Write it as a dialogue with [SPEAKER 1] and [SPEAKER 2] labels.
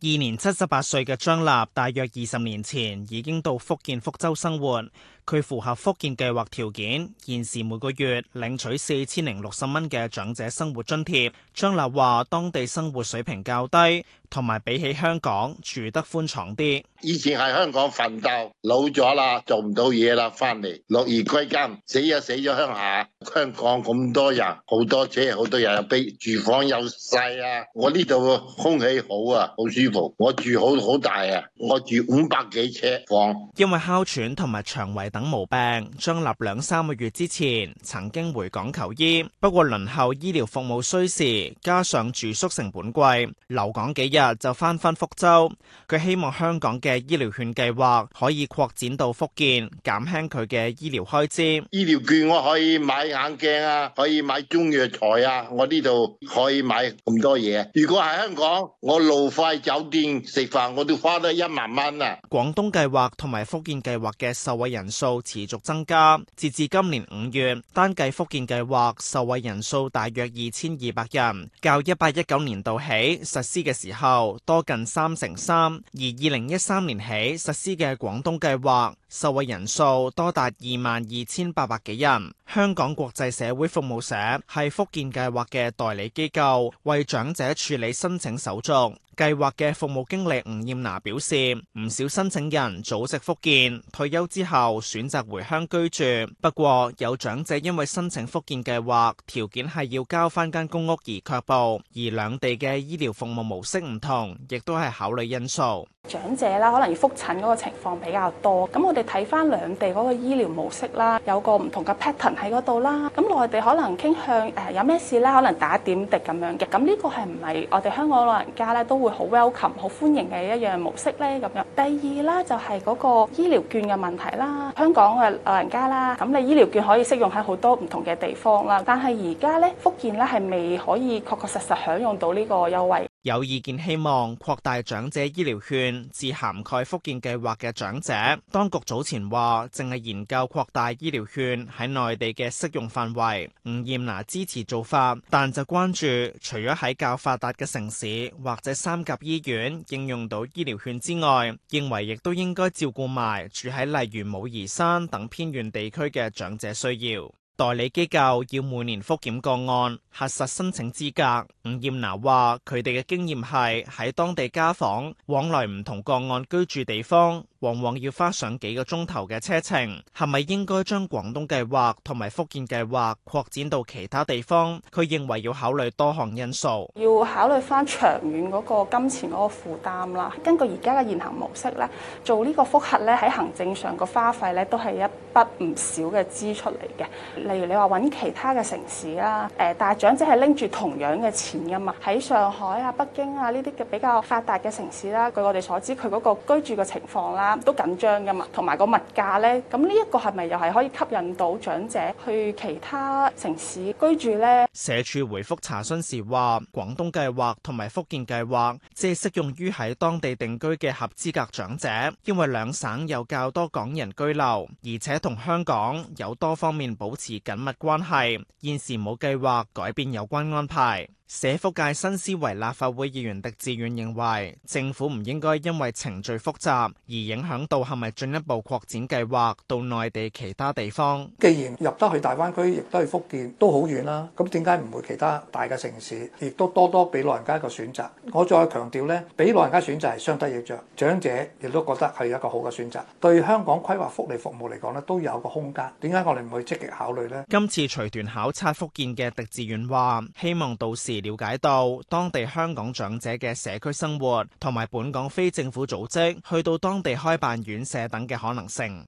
[SPEAKER 1] 二年七十八歲嘅張立，大約二十年前已經到福建福州生活。佢符合福建計劃條件，現時每個月領取四千零六十蚊嘅長者生活津貼。張立話：當地生活水平較低，同埋比起香港住得寬敞啲。
[SPEAKER 2] 以前喺香港奮鬥，老咗啦，做唔到嘢啦，翻嚟，落葉歸根，死啊，死咗鄉下。香港咁多人，好多車，好多人又悲，比住房又細啊！我呢度空氣好啊，好舒服。我住好好大啊，我住五百幾尺房。
[SPEAKER 1] 因為哮喘同埋腸胃等毛病，張立兩三個月之前曾經回港求醫，不過輪候醫療服務需時，加上住宿成本貴，留港幾日就翻返福州。佢希望香港嘅醫療券計劃可以擴展到福建，
[SPEAKER 2] 減輕佢嘅醫療開支。醫療券我可以買眼鏡啊，可以買中藥材啊，我呢度可以買咁多嘢。如果喺香港，我路費、酒店、食飯，我都花得一萬蚊啦。
[SPEAKER 1] 廣東計劃同埋福建計劃嘅受惠人數。持續增加，截至今年五月，單計福建計劃受惠人數大約二千二百人，較一八一九年度起實施嘅時候多近三成三，而二零一三年起實施嘅廣東計劃，受惠人數多達二萬二千八百幾人。香港國際社會服務社係福建計劃嘅代理機構，為長者處理申請手續。計劃嘅服務經理吳艷娜表示，唔少申請人祖籍福建，退休之後選擇回鄉居住。不過有長者因為申請福建計劃條件係要交翻間公屋而卻步，而兩地嘅醫療服務模式唔同，亦都係考慮因素。
[SPEAKER 3] 長者啦，可能要覆診嗰個情況比較多，咁我哋睇返兩地嗰個醫療模式啦，有個唔同嘅 pattern 喺嗰度啦，咁內地可能傾向誒、呃、有咩事啦，可能打點滴咁樣嘅，咁呢個係唔係我哋香港老人家咧都會好 welcome、好歡迎嘅一樣模式呢？咁樣？第二啦，就係、是、嗰個醫療券嘅問題啦，香港嘅老人家啦，咁你醫療券可以適用喺好多唔同嘅地方啦，但係而家呢，福建呢係未可以確確實實享用到呢個優惠。
[SPEAKER 1] 有意見希望擴大長者醫療券，至涵蓋福建計劃嘅長者。當局早前話，淨係研究擴大醫療券喺內地嘅適用範圍。吳艷娜支持做法，但就關注，除咗喺較發達嘅城市或者三甲醫院應用到醫療券之外，認為亦都應該照顧埋住喺例如武夷山等偏遠地區嘅長者需要。代理機構要每年覆檢個案，核實申請資格。伍艷娜話，佢哋嘅經驗係喺當地家訪往來唔同個案居住地方，往往要花上幾個鐘頭嘅車程。係咪應該將廣東計劃同埋福建計劃擴展到其他地方？佢認為要考慮多項因素，
[SPEAKER 3] 要考慮翻長遠嗰個金錢嗰個負擔啦。根據而家嘅現行模式咧，做呢個覆核咧喺行政上個花費咧都係一。得唔少嘅支出嚟嘅。例如你話揾其他嘅城市啦，誒，但係長者係拎住同樣嘅錢噶嘛，喺上海啊、北京啊呢啲嘅比較發達嘅城市啦，據我哋所知，佢嗰個居住嘅情況啦都緊張噶嘛，同埋個物價咧，咁呢一個係咪又係可以吸引到長者去其他城市居住咧？
[SPEAKER 1] 社署回覆查詢時話，廣東計劃同埋福建計劃只適用於喺當地定居嘅合資格長者，因為兩省有較多港人居留，而且同同香港有多方面保持緊密關係，現時冇計劃改變有關安排。社福界新思維立法會議員狄志遠認為，政府唔應該因為程序複雜而影響到係咪進一步擴展計劃到內地其他地方。既然入得去大灣區，亦都係福建都好遠啦，咁點解唔會其他大嘅城市亦都多多俾老人家一個選擇？我再強調呢俾老人家選擇係相得益彰，長者亦都覺得係一個好嘅選擇，對香港規劃福利服務嚟講呢都有一個空間。點解我哋唔會積極考慮呢？今次隨團考察福建嘅狄志遠話，希望到時。了解到當地香港長者嘅社區生活，同埋本港非政府組織去到當地開辦院舍等嘅可能性。